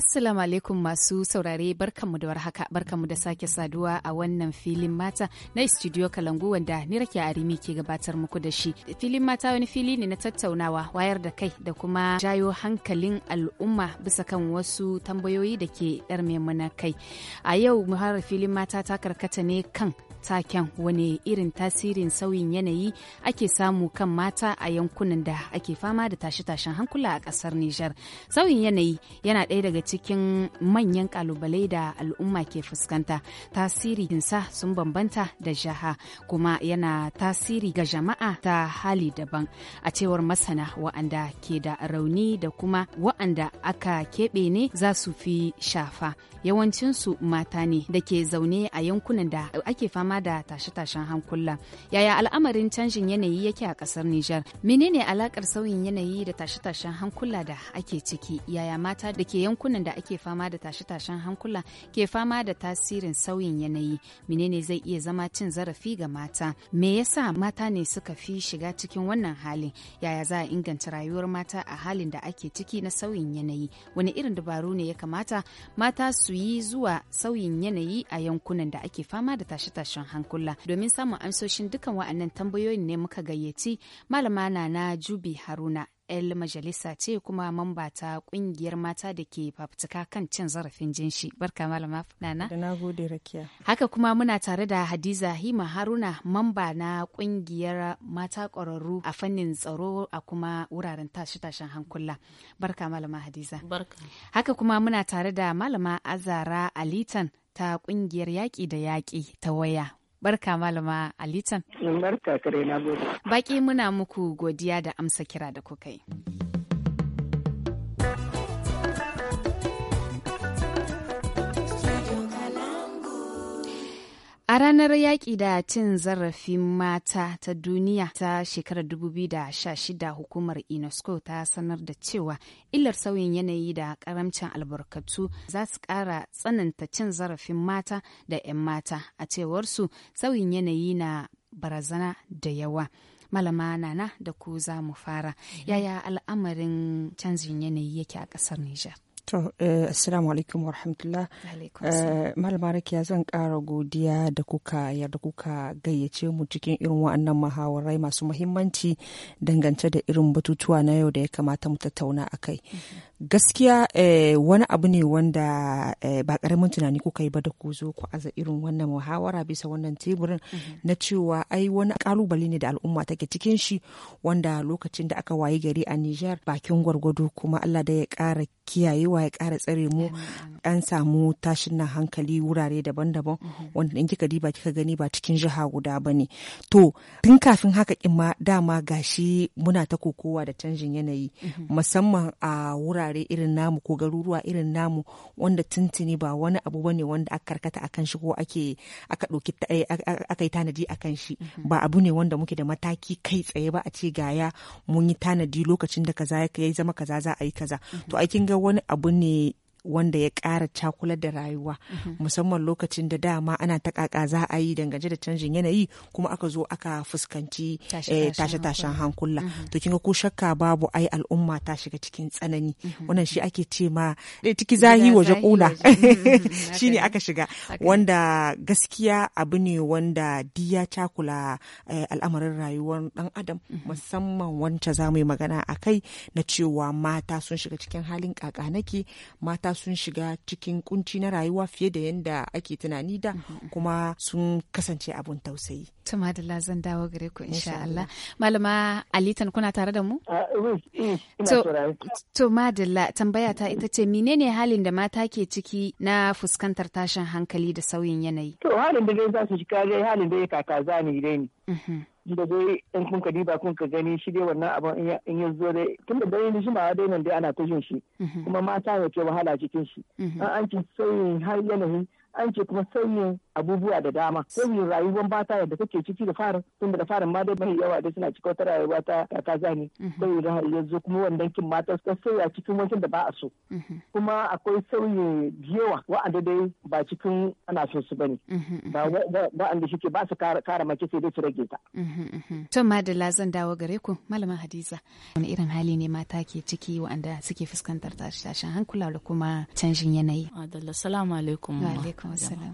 Assalamu alaikum masu saurare barkanmu da warhaka barkanmu da sake saduwa a wannan filin mata na studio Kalangu wanda ni rake Arimi ke gabatar muku da shi. Filin mata wani fili ne na tattaunawa wayar da kai da kuma jayo hankalin al'umma bisa kan wasu tambayoyi da ke ɗarme mana kai. A yau muharar filin mata ta karkata ne kan taken wani irin tasirin sauyin yanayi ake samu kan mata a yankunan da ake fama da tashe-tashen hankula a kasar Nijar. Sauyin yanayi yana ɗaya daga cikin manyan kalubalai da al'umma ke fuskanta. Tasirinsa sun bambanta da jaha kuma yana tasiri ga jama'a ta hali daban a cewar masana wa'anda ke da rauni da kuma wa'anda aka keɓe ne za su fi shafa. Yawancinsu mata ne da ke zaune a yankunan da ake fama fama da tashe-tashen hankula. Yaya al'amarin canjin yanayi yake a ƙasar Nijar? Menene alakar sauyin yanayi da tashe-tashen hankula da ake ciki? Yaya mata da ke yankunan da ake fama da tashe-tashen hankula ke fama da tasirin sauyin yanayi? Menene zai iya zama cin zarafi ga mata? Me yasa mata ne suka fi shiga cikin wannan halin? Yaya za a inganta rayuwar mata a halin da ake ciki na sauyin yanayi? Wani irin dabaru ne ya kamata mata su yi zuwa sauyin yanayi a yankunan da ake fama da tashe-tashen tashin hankula domin samun amsoshin dukan wa'annan tambayoyin ne muka gayyaci malama na na jubi haruna el majalisa ce kuma mamba ta kungiyar mata da ke fafutuka kan cin zarafin jinshi barka malama nana da nagode rakiya haka kuma muna tare da hadiza hima haruna mamba na kungiyar mata ƙwararru a fannin tsaro a kuma wuraren tashi tashen hankula barka malama hadiza barka haka kuma muna tare da malama azara alitan ta kungiyar yaƙi da yaƙi ta waya. Barka Malama Alitan. Barka kare na gode. Baƙi muna muku godiya da amsa kira da kuka yi. A ranar yaƙi da cin zarafin mata ta duniya ta shekarar 2016 hukumar UNESCO ta sanar da cewa illar sauyin yanayi da karamcin albarkatu za su ƙara tsananta cin zarafin mata da 'yan mata a cewarsu sauyin yanayi na barazana da yawa. Malama Nana da ku za mu fara. Mm-hmm. Yaya al'amarin canjin yanayi yake a ƙasar Nijar? To, eh, assalamu alaikum wa rahmatullah. Eh, Malamarik ya zan kara godiya da kuka yarda kuka gayyace mu cikin irin wa'annan muhawarai masu muhimmanci dangance da irin batutuwa na yau da ya kamata mu tattauna a kai. Mhm. gaskiya eh, wani abu ne wanda eh, ba karamin tunani kuka yi ba da ku zo ku aza irin wannan muhawara bisa wannan teburin mm -hmm. na cewa ai wani kalubale ne da al'umma take cikin shi wanda lokacin da aka wayi gari a Niger. bakin gwargwado kuma Allah da ya kara kiyayewa ya kara tsare mu an samu tashin na hankali wurare daban-daban mm -hmm. wanda in kika diba kika gani ba cikin jiha guda ba ne to tun kafin haka kima dama gashi muna ta kokowa da canjin yanayi mhm. musamman a wurare wurare irin namu ko garuruwa irin namu wanda tuntuni ba wani abu bane wanda aka karkata akan shi ko ake aka ɗauki eh, aka yi tanadi akan shi mhm. ba abu ne wanda muke da mataki kai tsaye ba a ce gaya mun yi tanadi lokacin da kaza ya zama kaza za a yi kaza mhm. to a kin ga wani abu ne wanda ya ƙara cakula da rayuwa mhm. musamman lokacin da dama ana ta kaka za a yi dangance da canjin yanayi kuma aka zo aka fuskanci tashe-tashen eh, hankula mhm. to kinga ko shakka babu ai al'umma ta shiga cikin tsanani mhm. wannan shi ake ce ma eh, ciki zahi waje kula shine aka shiga wanda gaskiya abu ne wanda diya cakula eh, al'amarin rayuwar dan adam musamman wance za mu yi magana a kai na cewa mata sun shiga cikin halin kakanaki mata mata sun shiga cikin kunci na rayuwa fiye da yadda ake tunani da mhm. kuma sun kasance abun tausayi. Tuma da zan dawo gare ku insha Allah. Malama Alitan kuna tare da mu? Uh, to Madalla tambaya ta ita ce menene halin da mata ke ciki na fuskantar tashin hankali da sauyin yanayi? To halin da dai za shiga dai halin da ya kaka zani ne. da dai in kun ka diba kun ka gani shi dai wannan abin in ya zo dai tun da dai shi ma dai nan dai ana ta jin shi mhm. kuma mata ne ke wahala cikin shi mhm. an an ci sai har yanayin an ce kuma sanyin abubuwa da dama sanyin rayuwar mata yadda take ciki da farin tunda da farin ma dai mai yawa dai suna cikin wata rayuwa ta kaka zani mhm. sai da yanzu kuma wannan kin mata suka sauya cikin wajen da ba a so mhm. kuma akwai sauyi yawa wa'anda dai ba cikin ana so su bane mhm, ba wa'anda shi ba su kara mace sai dai su rage ta. to madalla zan dawo gare ku malama hadiza wani irin hali ne mata ke ciki wa'anda suke fuskantar tashin hankula da kuma canjin yanayi. madalla assalamu alaikum. alaikum assalam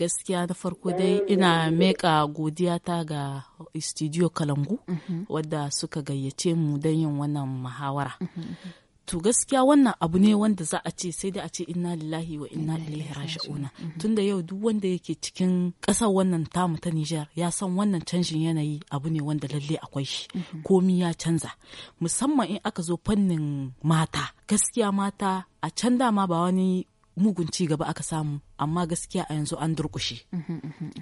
gaskiya na farko dai ina meka godiya ta ga studio kalangu mhm. wadda suka gayyace mu don yin wannan muhawara mhm, mhm. to gaskiya wannan abu ne wanda za a ce sai da a ce inna lillahi wa inna ilaihi tun tunda yau duk wanda yake cikin ƙasar wannan tamu ta Nijar ya san wannan canjin yanayi abu ne wanda lalle akwai shi komi ya canza musamman in aka zo fannin mata gaskiya mata a can dama ba wani mugun ci gaba aka samu amma gaskiya a yanzu an durkushe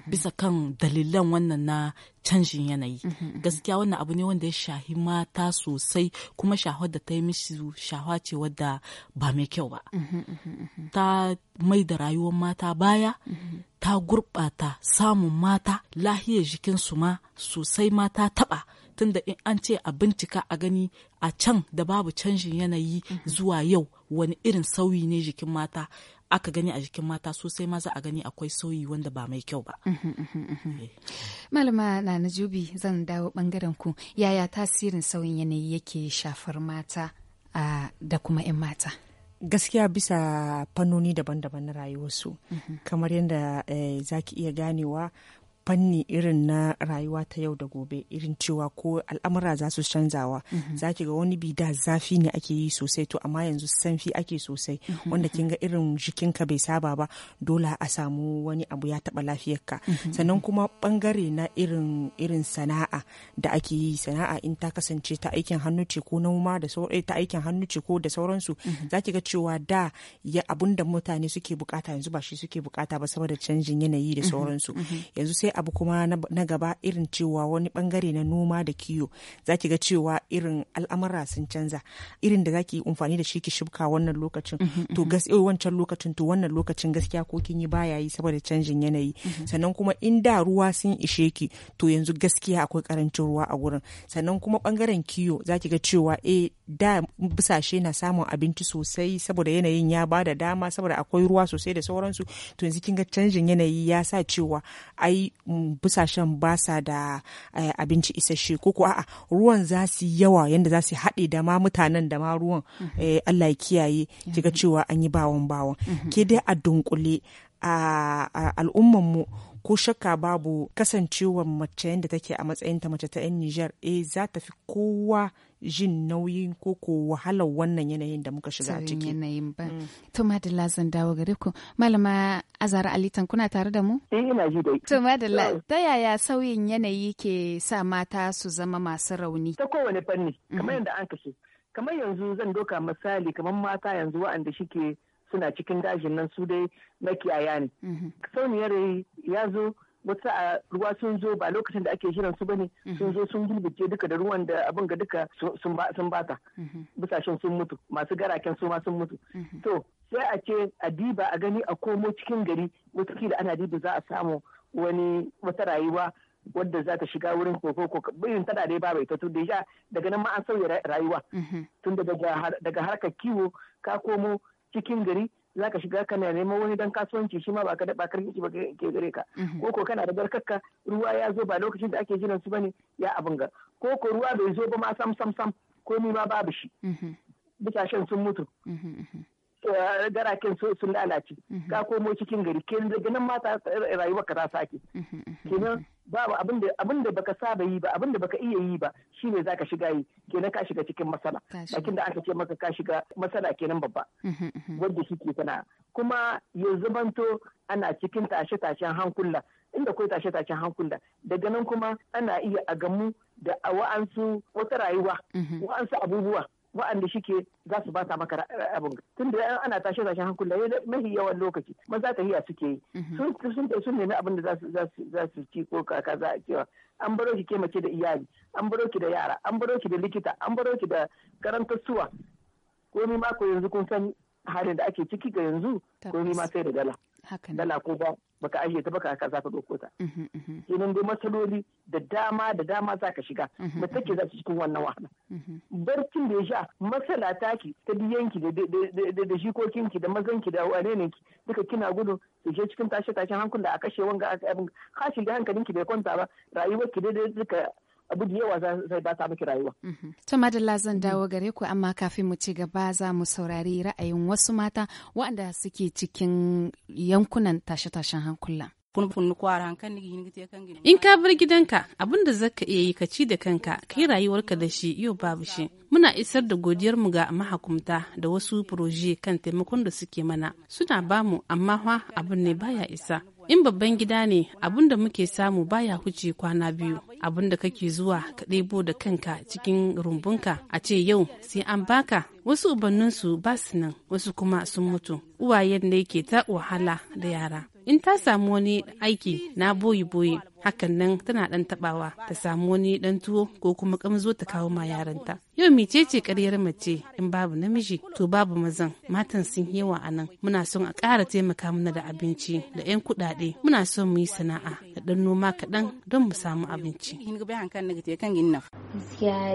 bisa kan dalilan wannan na canjin yanayi gaskiya wannan abu ne wanda ya shahi mata sosai kuma shahwar da ta yi mishi shahwa ce wadda ba mai kyau ba ta mai da rayuwar mata baya ta gurɓata samun mata lahiyar jikinsu ma sosai mata taɓa tunda in an ce a bincika a gani a can da babu canjin yanayi zuwa yau wani irin sauyi ne jikin mata aka gani a jikin mata sosai ma za a gani akwai sauyi wanda ba mai kyau ba. Mhm, mhm, mhm. Eh. Malama na Najubi zan dawo bangaren ku yaya tasirin sauyin yanayi yake shafar mata da kuma 'yan mata? gaskiya bisa fannoni daban-daban na rayuwarsu kamar yadda eh, za ki iya ganewa fanni irin na rayuwa ta yau da gobe irin cewa ko al'amura za su canzawa mhm. za ki ga wani bi da zafi ne ake yi sosai to amma yanzu sanfi ake sosai mhm. wanda kin ga irin jikinka bai saba ba dole a samu wani abu ya taɓa lafiyarka mhm. sannan kuma bangare na irin irin sana'a da ake yi sana'a in ta kasance ta aikin hannu ce ko noma da eh, ta aikin hannu ce ko da sauransu za ki ga cewa da abun da mutane suke bukata yanzu ba shi suke bukata ba saboda canjin yanayi da sauransu yanzu sai abu kuma na gaba irin cewa wani bangare na noma da kiyo za ki ga cewa irin al'amura sun canza irin da za ki amfani da shi ki shibka wannan lokacin mhm, mhm. to gaskiya eh, wancan lokacin to wannan lokacin gaskiya ko kin yi baya yi saboda canjin yanayi mhm. sannan kuma in da ruwa sun ishe ki to yanzu gaskiya akwai karancin ruwa a wurin sannan kuma bangaren kiyo za ki ga cewa eh da busashe na samun abinci sosai saboda yanayin ya ba da dama saboda akwai ruwa sosai da sauransu to yanzu kin ga canjin yanayi ya sa cewa ai mm, busashen ba sa da eh, abinci isasshe ko ko a'a ruwan za su yawa yanda za su haɗe da ma mutanen da ma ruwan mm-hmm. eh, Allah ya kiyaye kiga cewa an yi bawon bawon mm-hmm. ke dai a dunkule a mu ko shakka babu kasancewar mace yadda take a matsayinta mace ta 'yan Nijar eh za ta fi kowa jin nauyin ko ko wahalar wannan yanayin da muka shiga ciki. yanayin ba. Mm. To madalla zan dawo gare ku. Malama Azara Alitan kuna tare da mu? Eh ina ji dai. To madalla ta yaya sauyin yanayi ke sa mata su zama masu rauni? Ta kowane fanni mm-hmm. kamar yadda an kashe. Kamar yanzu zan doka misali kamar mata yanzu wa'anda shike suna cikin dajin nan su dai makiyaya ne. Mm-hmm. Sauniyar ya zo Wata a ruwa sun zo ba lokacin da ake shirin su bane mhm. sun zo sun gulbuce duka da ruwan da abin ga duka sun bata mhm. bisashen sun mutu masu garaken su ma sun mutu mhm. to sai a ce a diba a gani a komo cikin gari wata ana diba za a samu wani wata rayuwa wadda za ta shiga wurin koko ko bayin tana dai ba bai ta tun da daga nan ma an sauya rayuwa tun daga harkar kiwo ka komo cikin gari za ka shiga kana nema wani dan kasuwanci shi ma ba ka da bakar ba ke gare ka mhm. ko ko kana da barkarka ruwa ya zo ba lokacin da ake jiran su bane ya abin ga ko ko ruwa bai zo ba ma sam sam sam ko ni ma babu shi bisashen mhm. sun mutu mhm, Eh, garaken sun lalace mhm. ka komo cikin gari ke daga nan mata eh, rayuwar ka ta sake mhm, mhm, kenan babu abin da baka saba yi ba abin da baka iya yi ba shine zaka shiga yi kenan ka shiga cikin masala lakin da aka ce maka ka shiga masala kenan babba wanda shi ke tana kuma ya zamanto ana cikin tashe-tashen hankula inda kai tashe-tashen hankula daga nan kuma ana iya agamu gamu da wa'ansu wata rayuwa wa'ansu abubuwa wa'anda shike za su bata maka abin tun da ana tashe tashen hankula eh, mahi yawan lokaci maza ta hiya suke yi mhm. sun sun nemi abin da za su ci ko kaka za a cewa an baro ki ke da iyali an baro ki da yara an baro ki da likita an baro ki da karantar suwa komi ma ko yanzu kun san halin da ake ciki ga yanzu komi ma sai da dala dala ko ba baka ajiye ta baka za ka ɗauko ta. Uhm, uhm. Kenan dai matsaloli da dama da dama za ka shiga uhm, da take za su cikin wannan wahala. Barcin da ya sha matsala ki, ta biyanki da shikokinki da mazanki da ki, duka kina gudu su je cikin tashe tashen hankula a kashe wanga a kashe da hankalinki bai kwanta ba rayuwarki daidai duka abu da yawa zai ba miki mhm. To madalla zan dawo gare ku amma kafin mu ci gaba za mu saurari ra'ayin wasu mata waɗanda suke cikin yankunan tashe-tashen hankula. In ka bar gidanka abin da zaka iya yi ka ci da kanka kai rayuwarka da shi yau babu shi. Muna isar da godiyarmu ga mahakumta da wasu proje kan taimakon da suke mana. Suna bamu amma fa abin ne baya isa. in babban gida ne abin da muke samu baya huce kwana biyu abin da kake zuwa ka ɗebo da kanka cikin rumbunka a ce yau sai an baka wasu ubanninsu ba su nan wasu kuma sun mutu uwayen da ke ta wahala da yara in ta samu wani aiki na boyi boyi hakan nan tana dan tabawa ta samu wani dan tuwo ko kuma kamzo ta kawo ma yaranta yau mecece karyar mace in babu namiji to babu mazan matan sun yawa a nan muna son a kara taimaka mana da abinci da 'yan kuɗaɗe muna son mu yi sana'a da dan noma kaɗan don mu samu abinci gaskiya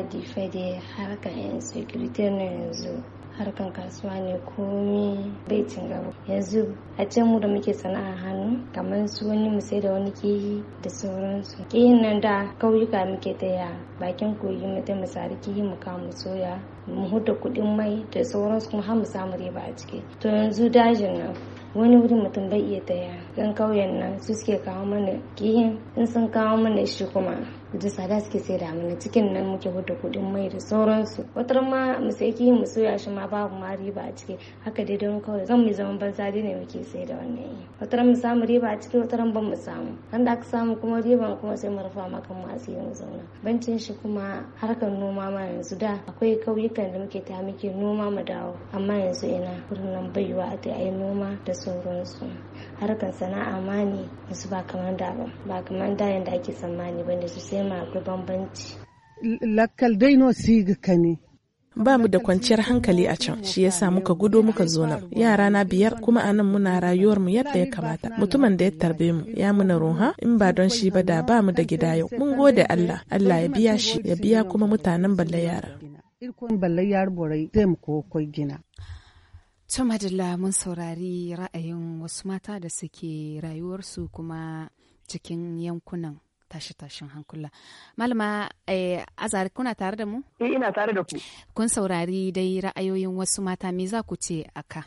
da da harkar na yanzu harkan kasuwa ne komi bai cin gaba yanzu a can mu da muke sana'a hannu kamar su wani mu sai da wani kiyi da sauransu kihin nan da kauyuka muke ta taya bakin kogi mu ta misali kehi mu kamu soya mu huda kuɗi mai da sauransu kuma har mu samu riba a ciki to yanzu dajin nan wani wuri mutum bai iya taya ya. kauyen nan su suke kawo mana kihin in sun kawo mana shi kuma da tsada suke sai da mana cikin nan muke huta kuɗin mai da sauransu wata ma mu yi mu soya shi ma babu ma riba a ciki haka dai don kawai zan muyi zaman banza dai ne muke sai da wannan wata mu samu riba a ciki wata ban mu samu ran da aka samu kuma riban kuma sai mu rufa ma kan mu yin zauna bancin shi kuma harkar noma ma yanzu da akwai kauyukan da muke ta muke noma mu dawo amma yanzu ina wurin nan baiwa a ta yi noma da sauransu harkar sana'a ma ne yanzu ba kamar da ba ba kamar da yadda ake tsammani ba ne sai ma akwai bambanci lakkal dai no siga ne. ba mu da kwanciyar hankali a can shi yasa muka gudo muka zo nan yara na biyar kuma a nan muna rayuwar mu yadda ya kamata mutumin da ya tarbe mu ya muna ruha in ba don shi ba da ba mu da gida yau mun gode Allah Allah ya biya shi ya biya kuma mutanen balle yara Irkon balle yara borai taimako koi gina To madalla mun saurari ra'ayin wasu mata da suke rayuwarsu kuma cikin yankunan tashi-tashin hankula. Malama eh, Azar kuna tare da mu? Eh ina tare da ku. Kun saurari dai ra'ayoyin wasu mata me za ku ce aka?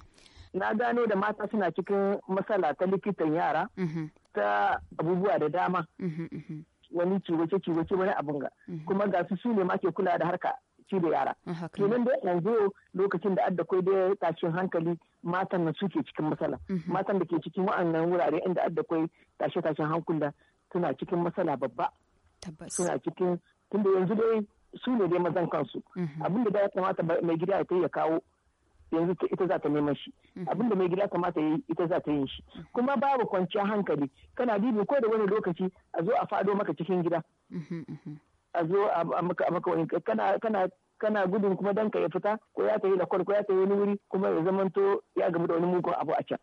Na gano da mata suna cikin matsala ta likitan yara mm-hmm. ta abubuwa da dama. Mm-hmm, mm-hmm. Wani ciwace-ciwace wani abun ga. Kuma ga su su ne ma ke kula da harka ci da yara ah, kenan da yanzu lokacin da adda kwai da tashin hankali matan na suke cikin matsala mhm. matan da ke cikin wa'annan wurare inda adda kwai tashe tashin hankula suna cikin matsala babba suna cikin tunda yanzu dai su ne dai mazan kansu mhm. abin da ya kamata mai gida ya ya kawo yanzu ita za ta neman shi mhm. abin da mai gida kamata yi ita za ta yin shi kuma babu kwanciyar hankali kana dibi ko da wani lokaci a zo a fado maka cikin gida a zo a maka wani kana kana kana gudun kuma dan ka ya fita ko ya tafi lakwal ko ya tafi wani wuri kuma ya zamanto ya gamu da wani mugun abu a can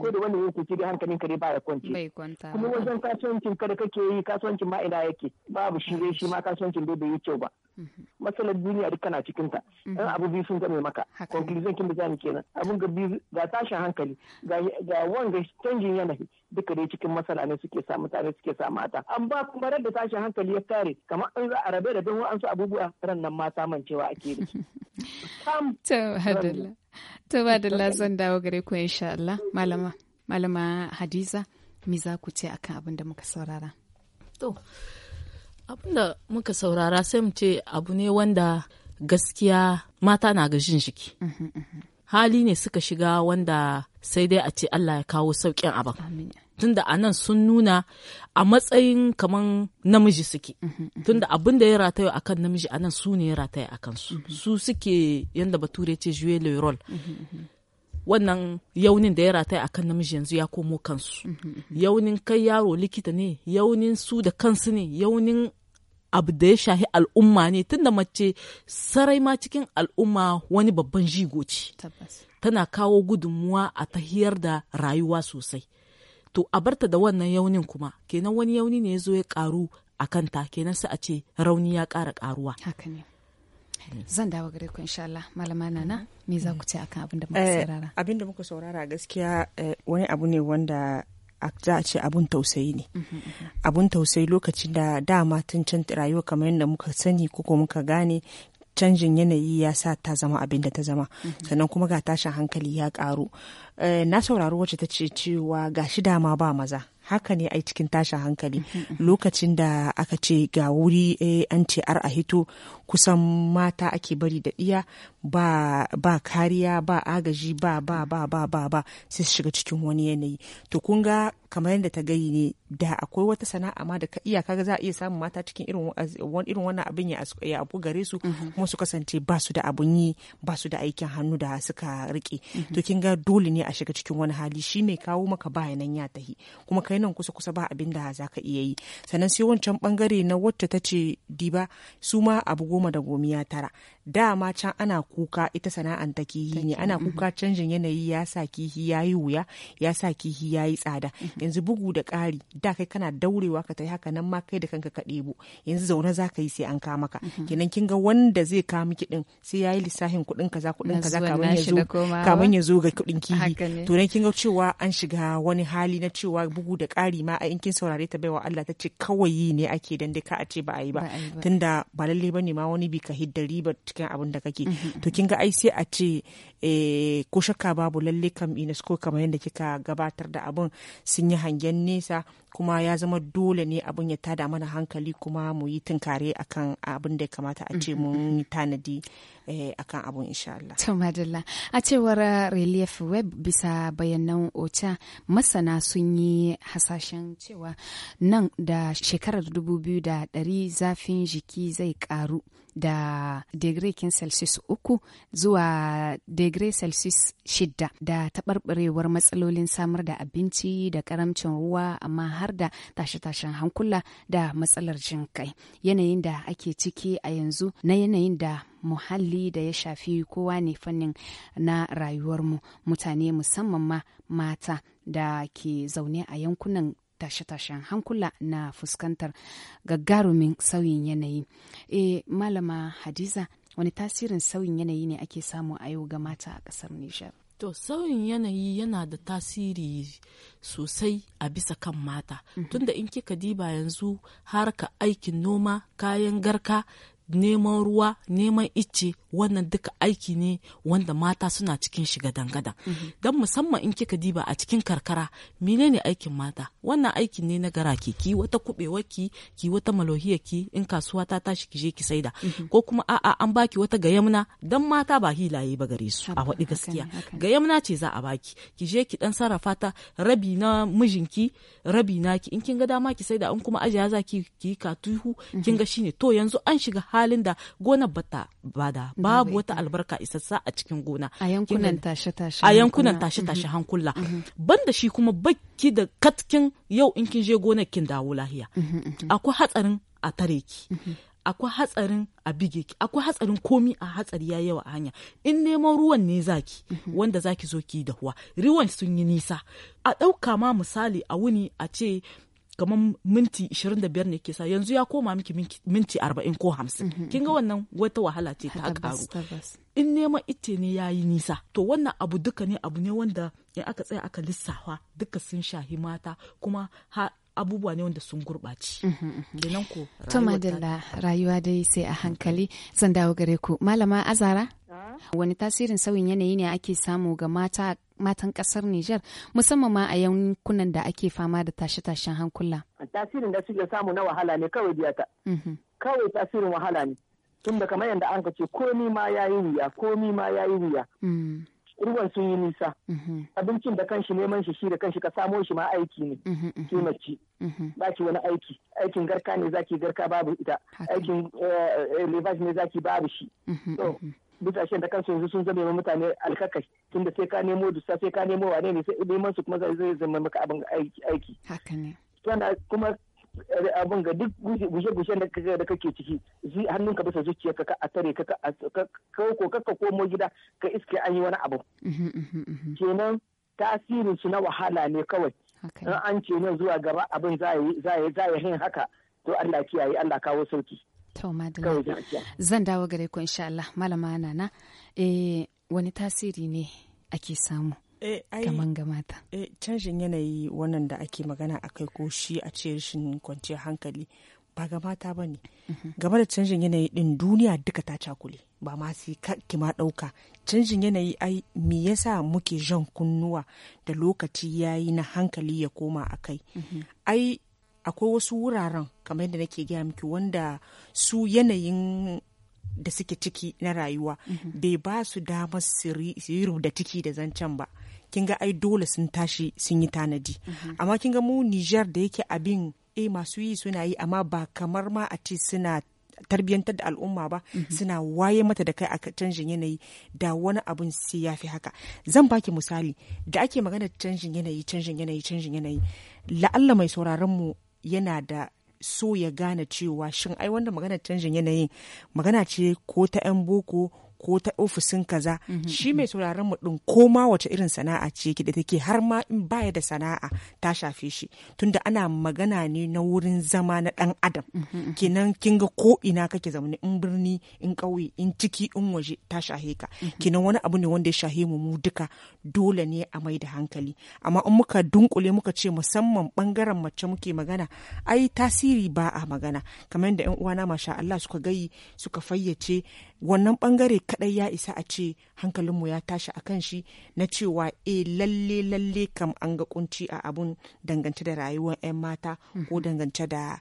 ko da wani yake ki da hankalin ka ba baya kwance kuma wajen kasuwancin ka da kake yi kasuwancin ma ina yake babu shi dai shi ma kasuwancin dai bai yi kyau ba Mhm. matsalar duniya duk na cikin ta mhm. in abu biyu sun game maka conclusion kin da zamu kenan abun ga biyu ga tashin hankali ga ga wanga canjin yanayi duka dai cikin matsala ne suke sa mutane suke sa mata an ba kuma da tashin hankali ya kare kamar an za a rabe da don wa'ansu abubuwa ran nan mata mancewa ake da to hadalla to hadalla zan dawo gare ku insha Allah malama malama Hadiza me za ku ce akan abin da muka saurara to abinda muka saurara sai mu ce abu ne wanda gaskiya mata na ga jin jiki mhm, mhm. hali ne suka shiga wanda sai dai a ce Allah ya kawo sauƙin abin tunda a nan sun nuna a matsayin kaman namiji suke mhm, tunda abin da ya ratayo a kan namiji a nan su ne ya rataye a kansu su suke yadda bature ce juye le wannan yaunin da ya rataya a kan namiji yanzu ya komo kansu yaunin kai yaro likita ne yaunin su da kansu ne yaunin abu da ya shahi al'umma ne tunda mace sarai ma cikin al'umma wani babban jigoci tana kawo gudunmuwa a tahiyar da rayuwa sosai to a barta da wannan yaunin kuma kenan wani yauni ne ya zo ya karu a kanta kenan sai a ce rauni ya ƙara ƙaruwa. zan dawo gare ku insha Allah malama nana me za ku ce akan abin da muka eh, saurara abin da muka saurara gaskiya eh, wani abu ne wanda za a ce abun tausayi ne mhm, mhm. abun tausayi lokacin da dama tun can rayuwa kamar yadda muka sani ko muka gane canjin yanayi ya sa ta zama abin da ta zama mhm. sannan kuma ga tashin hankali ya karu eh, na sauraro wacce ta ce cewa ga shi dama ba maza haka ne ai cikin tashin hankali lokacin da aka ce ga wuri an ce ar a hito kusan mata ake bari da ɗiya ba, kariya ba agaji ba ba ba ba ba ba sai su shiga cikin wani yanayi to kun ga kamar yadda ta gani ne da akwai wata sana'a ma da ka iya kaga za a iya samun mata cikin irin irin abin ya abu gare su mhm. kuma su kasance ba su da abun yi ba su da aikin hannu da suka rike mhm. to kin ga dole ne a shiga cikin wani hali shi mai kawo maka bayanan ya tahi kuma kai nan kusa kusa ba abin da za ka iya yi sannan sai wancan bangare na wacce ta ce diba su ma abu goma da gomiya tara dama can ana kuka ita sana'anta kihi ne ana kuka canjin yanayi ya sa kihi ya yi wuya ya sa kihi ya yi tsada mhm. yanzu bugu da ƙari da kai kana daurewa ka tai haka nan ma kai da kanka ka ɗebo yanzu zaune za ka yi sai an kama ka mhm. kenan kin ga wanda zai kama miki din sai ya yi lissafin kuɗin kaza kuɗin kaza kamin ya zo ga kuɗin kihi to nan kin ga cewa an shiga wani hali na cewa bugu da ƙari ma a in kin saurare ta baiwa Allah ta ce kawai yi ne ake dan dai ka a ce ba a yi ba tunda ba lalle bane ma ma wani bi ka hidda riba cikin abin da kake mhm. to kin ga ai sai a ce eh, ko shakka babu lalle kam ko kamar yadda kika gabatar da abin sun yi hangen nesa kuma ya zama dole ne abin ya tada mana hankali kuma mu yi tunkare akan abin da ya kamata a ce mun mhm. tanadi eh, akan abun insha Allah. To madalla a cewar eh, relief web bisa bayanan OCHA masana sun yi hasashen cewa nan da shekarar 2000 zafin jiki zai karu da degree kin celsius uku zuwa degree celsius shidda da taɓarɓarewar matsalolin samar da abinci da karamcin ruwa amma har da tashe-tashen hankula da matsalar jin kai yanayin da ake ciki a yanzu na yanayin da muhalli da ya shafi kowa ne fannin na rayuwarmu mutane musamman ma mata da ke zaune a yankunan tashe-tashen hankula na fuskantar gagarumin sauyin yanayi. E, Malama Hadiza, wani tasirin sauyin yanayi ne ake samu a yau ga mata a ƙasar Nijar? To sauyin yanayi yana da tasiri sosai a bisa kan mata. Mhm. Tunda in kika diba yanzu harka aikin noma, kayan garka neman ruwa neman icce wannan duka aiki ne wanda mata suna cikin shiga dangada mm don musamman in kika diba a cikin karkara ne aikin mata wannan aiki ne na gara ki ki wata kubewa ki ki wata malohiyar ki in kasuwa ta tashi ki je ki saida mm ko kuma a'a an baki wata gayamna don mata ba hilaye ba gare su a waɗi gaskiya gayamna ce za a baki ki je ki dan sarrafa ta rabi na mijinki rabi na in kin ga dama ki saida in kuma ajiya za ki ki ka tuhu kin mhm. ga shine to yanzu an shiga halin da gonar bata bada babu wata albarka isassa a cikin gona a yankunan tashe tashe hankula mm-hmm. Mm-hmm. banda shi kuma baki da katkin yau in kin je gonar kin dawo lahiya mm-hmm, akwai hatsarin a tare ki akwai hatsarin a bige ki akwai hatsarin komi a hatsari ya yawa a hanya in neman ruwan ne zaki wanda zaki zo ki huwa? ruwan sun yi nisa a ɗauka ma misali a wuni a ce kamar minti 25 ne ke sa yanzu ya koma miki minti 40 ko 50 mhm, kin mhm. wannan wata wahala ce ta karu in neman ice ne ya yi nisa to wannan abu duka ne abu ne wanda in aka tsaya aka lissafa duka sun shahi mata kuma ha abubuwa ne wanda sun gurɓaci. Mhm, ko to madalla rayuwa dai sai a hankali zan dawo gare ku malama azara wani tasirin sauyin yanayi ne ake samu ga mata matan kasar Nijar musamman ma a yankunan da ake fama da tashe-tashen hankula. Tasirin da suke samu na wahala ne kawai biyata. Mhm. Kawai tasirin wahala ne. tun da kamar yadda an ce komi ma ya yi wuya, komi ma ya yi wuya. Mm. Ruwan sun yi nisa. Mhm. Abincin da kanshi neman shi shi da kanshi ka samo shi ma aiki ne. Kimaci. Mhm, ba ki wani aiki. Aikin garka ne zaki garka babu ita. Aikin eh, eh, levage ne zaki babu shi. bisashen da kansu yanzu sun zama mutane alkakashi tunda sai ka nemo dusa sai ka nemo wane ne sai neman su kuma zai zama maka abin aiki haka kuma eh, abin ga duk gushe-gushen da kake ciki zi hannunka bisa zuciya ka ka tare ka ko ka komo gida ka iske an yi wani abu mhm, mhm, mhm. kenan tasirin su na wahala ne kawai an ce ne zuwa gaba abin za yi haka to Allah kiyaye Allah kawo sauki To Zan dawo gare ku insha Allah malama na eh wani tasiri ne ake samu. Eh, kaman ga mata. Eh, canjin yanayi wannan da ake magana a kai ko shi a ce rashin kwanciyar hankali ba ga mata ba ne. Mhm. Gaba da canjin yanayi din duniya duka ta cakule ba ma sai ki ma ɗauka. Canjin yanayi ai me yasa muke jan kunnuwa da lokaci yayi na hankali ya koma a kai. Mhm. Ai akwai wasu wuraren kamar yadda nake gaya miki wanda su yanayin da suke ciki na rayuwa mhm. bai ba su damar siru da ciki da zancen ba kin ga ai dole sun tashi sun yi tanadi mhm. amma kin ga mu Nijar da yake abin eh masu yi suna yi amma ba kamar ma a ce suna tarbiyyantar da al'umma ba mhm. suna waye mata da kai a canjin yanayi da wani abun sai ya fi haka zan baki misali da ake magana canjin yanayi canjin yanayi canjin yanayi la'alla mai sauraron mu yana da so ya gane cewa shin ai wanda magana canjin yanayin magana ce ko ta 'yan boko ko ta ofisin kaza mhm, shi mhm. mai sauraron mu din koma wace irin sana'a ce ki da take har ma in baya da sana'a ta shafe shi tunda ana magana ne na wurin zama na dan adam mhm, kenan kin ga ko ina kake zaune in birni in kauye in ciki in waje ta shahe ka kenan wani abu ne wanda ya shahe mu mu duka dole ne a mai da hankali amma in muka dunkule muka ce musamman bangaren mace muke magana ai tasiri ba a magana kamar yadda yan uwana masha Allah suka gayi suka fayyace wannan bangare kadai ya isa a ce hankalinmu ya tashi a kan shi na cewa e lalle lalle kam an ga kunci a abun dangance da rayuwar 'yan mata ko mhm. dangance da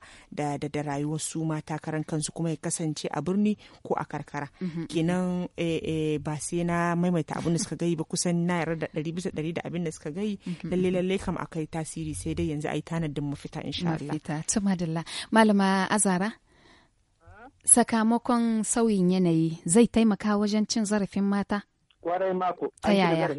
da rayuwar su mata karan kansu kuma ya kasance a birni ko a karkara mhm. kenan eh, eh, ba sai na maimaita abun da suka gai ba kusan na yarda da ɗari bisa ɗari da abin da suka gai mhm. lalle lalle kam akai tasiri sai dai yanzu ai tanadin mafita insha Allah malama azara sakamakon sauyin yanayi zai taimaka wajen cin zarafin mata? Kwarai mako, ta yaya?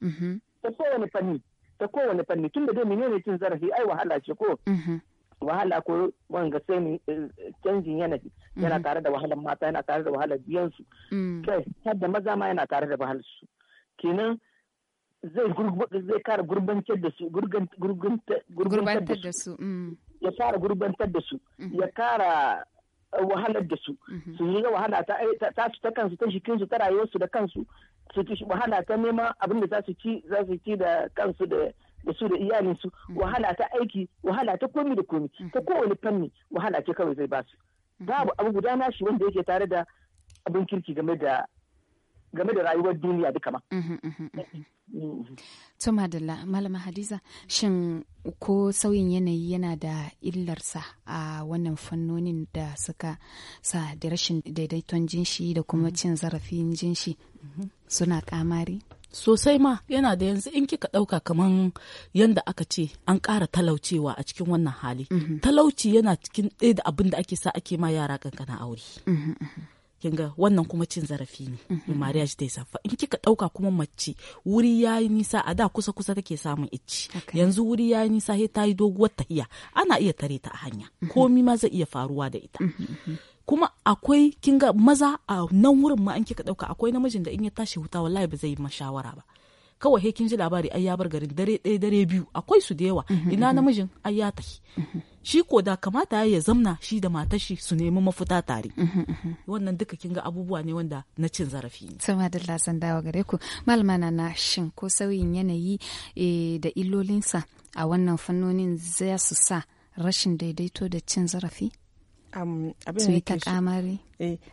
Mhm. Ta kowane fanni, ta kowane fanni, tun da domin menene cin zarafi ai wahala ce ko? Mhm. Wahala ko wanga sai eh, canjin yanayi yana mhm. tare da wahalar mata yana tare da wahalar biyansu. Mm. Kai, har da maza ma yana tare da wahalar su. Kenan zai zai kara gurbantar da su gurbantar da su mm. ya kara gurbantar da su mm. ya kara wahalar da su mhm. su shiga wahala eh, ta su ta kansu ta shikin su ta rayuwarsu da kansu su ci wahala ta neman abin da za su ci za su ci da kansu da da su da iyalinsu mhm. wahala ta aiki wahala ta komi da komi mhm. ta kowane fanni wahala ce kawai zai basu babu abu guda shi wanda yake tare da abin kirki game da game da rayuwar duniya duka ma. Tuma mm-hmm. Madalla, Malama Hadiza, shin ko sauyin yanayi yana da illarsa a wannan fannonin da suka sa da rashin daidaiton jinshi da kuma mm-hmm. cin zarafin jinshi mm-hmm. suna kamari? sosai ma yana da yanzu in kika ɗauka kaman yadda aka ce an ƙara talaucewa a cikin wannan hali talauci yana cikin ɗaya da abin da ake sa ake ma yara kankana aure Kinga wannan kuma cin zarafi ne in -hmm. ta dai safa in kika dauka kuma mace wuri yayi nisa a da kusa kusa take samun icci yanzu wuri yayi nisa sai ta yi doguwar tahiya ana iya tare ta a hanya mhm. komi ma zai iya faruwa da ita mhm, mhm. kuma akwai kinga maza a nan wurin ma an kika dauka akwai namijin da in ya tashi huta wallahi ba zai yi mashawara ba kawai he kin ji labari ai ya bar garin dare ɗaya dare biyu akwai su da yawa mhm, mhm, ina mhm. namijin ai ya tafi shi ko da kamata ya zamna shi da matar shi su nemi mafuta tare wannan duka kin ga abubuwa ne wanda na cin zarafi ne sama da lasan dawa gare ku malama na shin ko sauyin yanayi eh, da illolinsa a wannan fannonin zai su sa rashin daidaito da cin zarafi eh,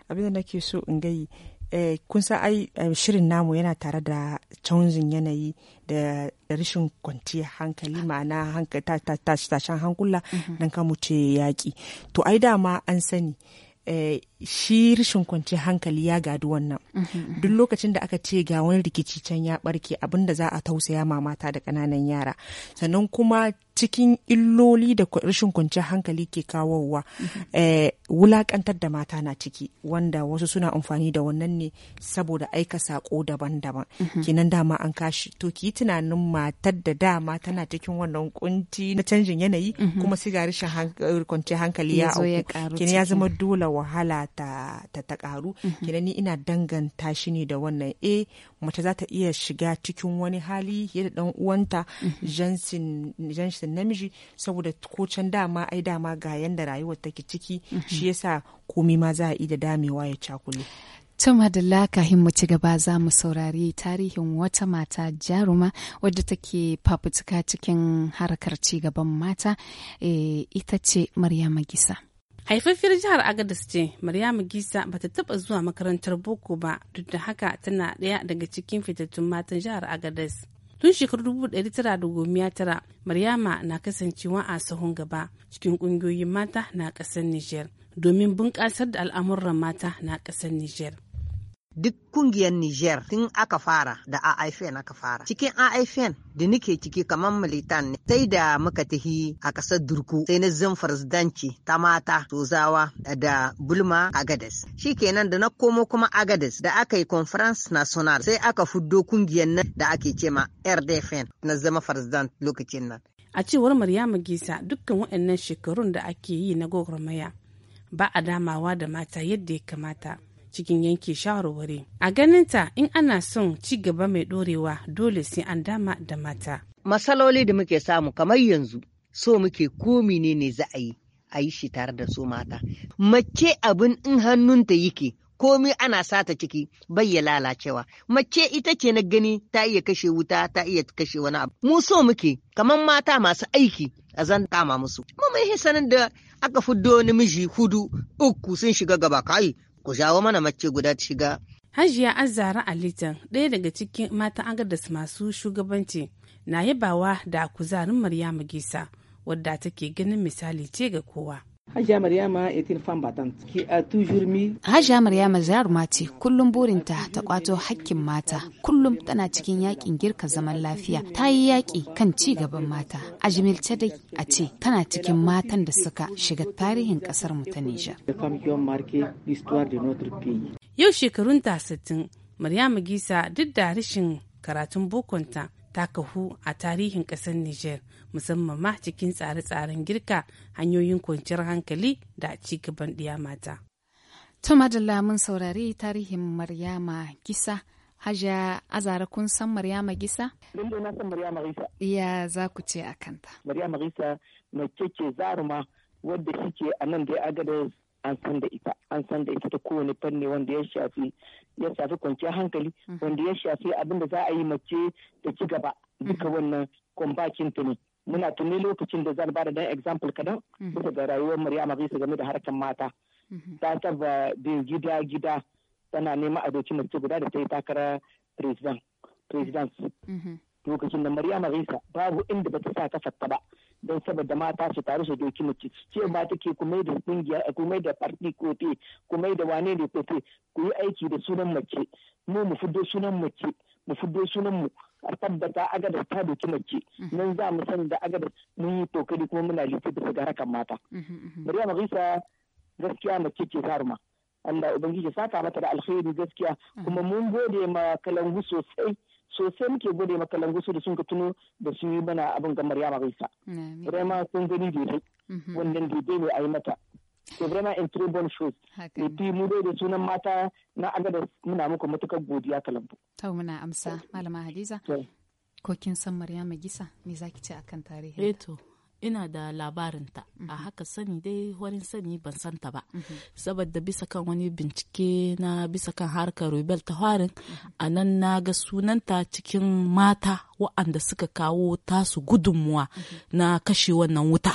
abin da nake so in gayi Eh, kun san ai eh, shirin namu yana tare da canjin yanayi da rashin kwanciyar hankali ma'ana tashin hankula mhm. don kamu ce yaƙi to ai dama an sani eh, shi rashin kwanciyar hankali ya gadi wannan mm-hmm. duk lokacin da aka ce ga wani rikici can ya barke abinda za a tausaya ma mata da kananan yara sannan kuma cikin illoli da rashin kwanciyar hankali ke kawowa mm-hmm. eh, wulakantar da mata na ciki wanda wasu suna amfani da wannan ne saboda aika sako daban-daban mm-hmm. kinan dama an kashi to ki tunanin matar da dama tana cikin wannan kunci na canjin yanayi kuma siga rashin kwanciyar hankali ya auku ya zama dole wahala ta ta karu mhm. kenan ni ina danganta shi ne da wannan a eh, mace za ta iya shiga cikin wani hali yadda dan uwanta mhm. jansin namiji saboda ko can dama ai dama ga yanda rayuwar take ciki mhm. shi yasa komai ma za a iya damewa ya cakule Tom Hadalla kahin mu ci gaba za mu saurari tarihin wata mata jaruma wadda take fafutuka cikin harkar ci gaban mata eh, ita ce Maryama Gisa. haifaffiyar jihar agadis ce maryamu gisa ba ta taba zuwa makarantar boko ba duk da haka tana ɗaya daga cikin fitattun matan jihar agadis tun shekaru 1999 maryama na kasancewa a sahun gaba cikin kungiyoyin mata na ƙasar niger domin bunƙasar da al'amuran mata na ƙasar niger duk kungiyar Niger tun aka fara da AIFN aka fara. Cikin AIFN da nike ciki kamar militan ne sai da muka tahi a ƙasar Durku sai na zan zidanci ta mata Tozawa da Bulma Agades. kenan da na komo kuma Agades da aka yi conference national sai aka fuddo kungiyar nan da ake ce ma RDFN na zama farzidan lokacin nan. A cewar Maryama Gisa dukkan waɗannan shekarun da ake yi na gwagwarmaya ba a damawa da mata yadda ya kamata. cikin yanke shawarwari a ganinta in ana son ci gaba mai ɗorewa, dole sai an dama da mata Masaloli da muke samu kamar yanzu so muke komi ne ne za a yi a yi shi tare da su mata mace abin in hannunta yake komi ana sata ciki bai ya lalacewa mace ita ce na gani ta iya kashe wuta ta iya kashe wani abu mu so muke kamar mata masu aiki a zan kama musu kuma mai sanin da aka fuddo namiji hudu uku sun shiga gaba kai ku shawo mana mace guda shiga. Hajiya Azara Alitan ɗaya daga cikin matan agadas masu shugabanci na yabawa da kuzarin Maryamu Gisa wadda take ganin misali ce ga kowa. Hajiya Maryama etin fan ki a tujur mi Hajiya Maryama zaruma ce kullum burinta ta kwato hakkin mata kullum tana cikin yakin girka zaman lafiya ta yi yaƙi kan ci gaban mata a jimilce dai a ce tana cikin matan da suka shiga tarihin kasar mu ta Nijar Yau shekarun ta sittin Maryama Gisa duk da rashin karatun bokonta ta kahu a tarihin ƙasar Nijar musamman ma cikin tsare-tsaren girka hanyoyin kwanciyar hankali da ci gaban ɗiya mata. To madalla mun saurari tarihin Maryama Gisa. Hajiya Azara kun san Maryama Gisa? Lalle na san Maryama Gisa. Iya za ku ce a kanta. Maryama Gisa mace ce zaruma wadda ke a nan da ya agada an san da ita an san da ita ta kowane fanni wanda ya shafi ya shafi kwanciyar hankali mhm. wanda ya shafi abin da za a yi mace da ci gaba mhm. duka wannan kwambakin ta ne muna tuni lokacin da zan ba da dan example kadan mhm. bisa ga rayuwar Maryama bisa game da harkar mata ta taba bin gida gida tana neman a doki mace guda da ta yi takara president president lokacin da Maryama Isa babu inda ta sa kafarta ba don saboda mata su taru su doki mace ce ma take mai da kungiya mai da party ku mai da wane ne kote ku yi aiki da sunan mace mu mu fiddo sunan mace mu fiddo sunan mu a tabbata agada ta doki mace mhm. nan za mu san da agada mun yi tokari kuma muna liti da ga harakan mata mhm, mhm, Maryama Isa gaskiya mace ce zaruma Allah ubangiji saka mata da alkhairi gaskiya kuma mun gode ma kalangu sosai sosai muke gode maka langusu da sun ka tuno da su yi mana abin ga bai sa. Rema sun gani daidai mhm. wannan daidai ne a yi mata. So rema in three bone shows. Et puis mu da sunan mata na agada muna muku matukar godiya lambu. Tau muna amsa Malama Hadiza. Ko kin san Maryama Gisa me zaki ce akan tarihi? Eh to. ina da labarinta mm a mhm. haka sani dai warin sani ban santa ba mhm. saboda bisa kan wani bincike na bisa kan harkar rubel ta harin mhm. a nan na ga sunanta cikin mata wa'anda suka kawo tasu gudunmuwa na kashe wannan wuta